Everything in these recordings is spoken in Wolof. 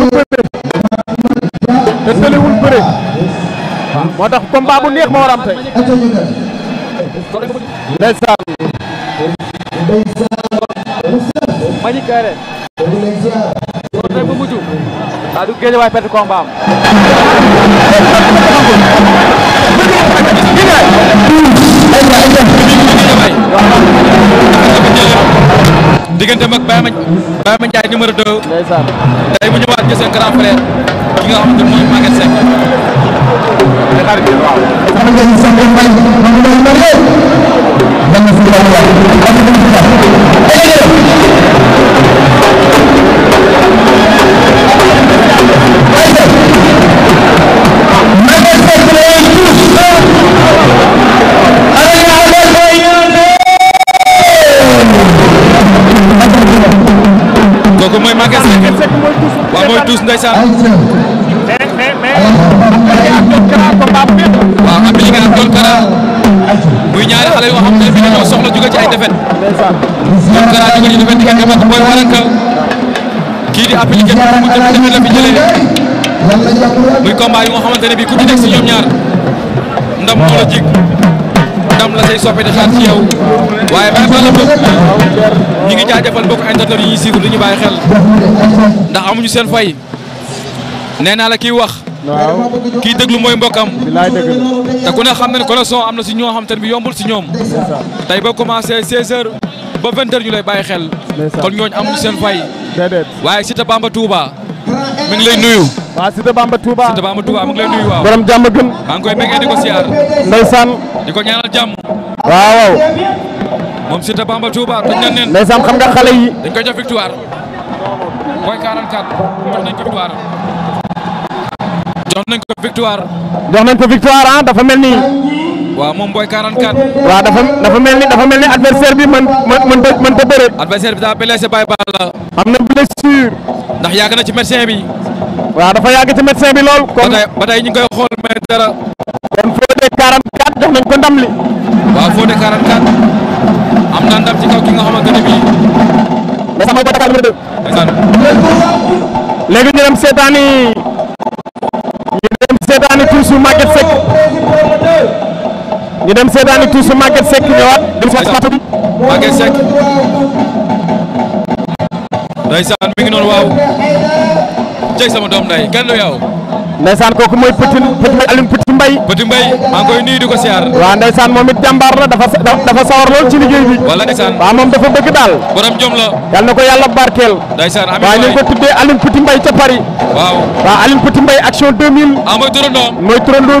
mënul bëre te moo tax combat bu neex ma war am tey ndeysaan mañi kayre loolu digganteem ak Baye Ma Ndiaye numéro 2. ndeysaan tey bu ñëwaat ci seen grand frère ki nga xamante ni mooy Maguette Seck. waaw. ndeysaan mais mais mais ah. muy ñaari xale yoo xam bi dañoo ci ay defet doon di nga kii di appliqué mu jëm defet la fi jëlee muy combat yi nga xamante ne bi si ñoom ñaar ndam moo jig ndam la say soppe di xaar ci yow waaye bàyyi fa la bëgg ñu ngi jaajëfal bokk internet yi ñuy suivre di bàyyi xel ndax amuñu seen fay nee naa la kiy wax. waaw kiy déglu mooy mbokkam. bilaay te ku ne xam na ne connexion am na si ñoo xam te ne bi yombul si ñoom. tey boo commencé 16h ba 20h ñu lay bàyyi xel. kon ñooñ amuñu seen fay. déedéet waaye Siteu Bamba Touba. mi ngi lay nuyu. waaw Siteu Bamba Touba Siteu Bamba Touba mi ngi lay nuyu waaw. borom jàmm gën. maa ngi koy bëggee di ko siyaar. ndeysaan. di ko ñaanal jàmm. waaw. moom Siteu Bamba Touba dañ na nen. ndeysaan xam nga xale yi. dañ koy jox victoire. mooy 44 jox nañ victoire. jox nañ ko victoire. Ah, dafa mel ni. waaw moom booy 44. waaw dafa dafa mel ni dafa mel ni adversaire bi man man man ta bëre. adversaire bi daa blessé Baye Balla. am na blessure. ndax yàgg na ci médecin bi. waaw dafa yàgg ci médecin bi lool. kon ba tey ñu ngi koy xool mais dara. kon Fodé 44 jox nañ ko ndam li. waaw Fodé 44 am na ndam ci kaw ki nga xamante ne bii. mais sax ñu dem seetaani ñu dem seetaani tuuti Maguette Seck ñëwaat dem seet plateau bi. Maguette Seck. ndeysaan mi ngi noonu waaw. jëg sama doom nday kenn du yow. ndeysaan kooku mooy Petit Petit Alioune Petit Mbaye. Petit Mbaye maa ngi koy di ko siyaar. waaw ndeysaan moom it jàmbaar la dafa sawar lool ci liggéey bi. wala ndeysaan waaw moom dafa bëgg daal. borom jom la. yal na ko yàlla barkeel. ndeysaan amiin waay waaw ñu ngi ko tuddee Alioune Petit Mbaye ca Paris. waaw waaw Alioune Petit action 2000. ah mooy turandoo. mooy turandoo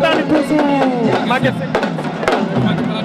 daani tuusu Maguette Seck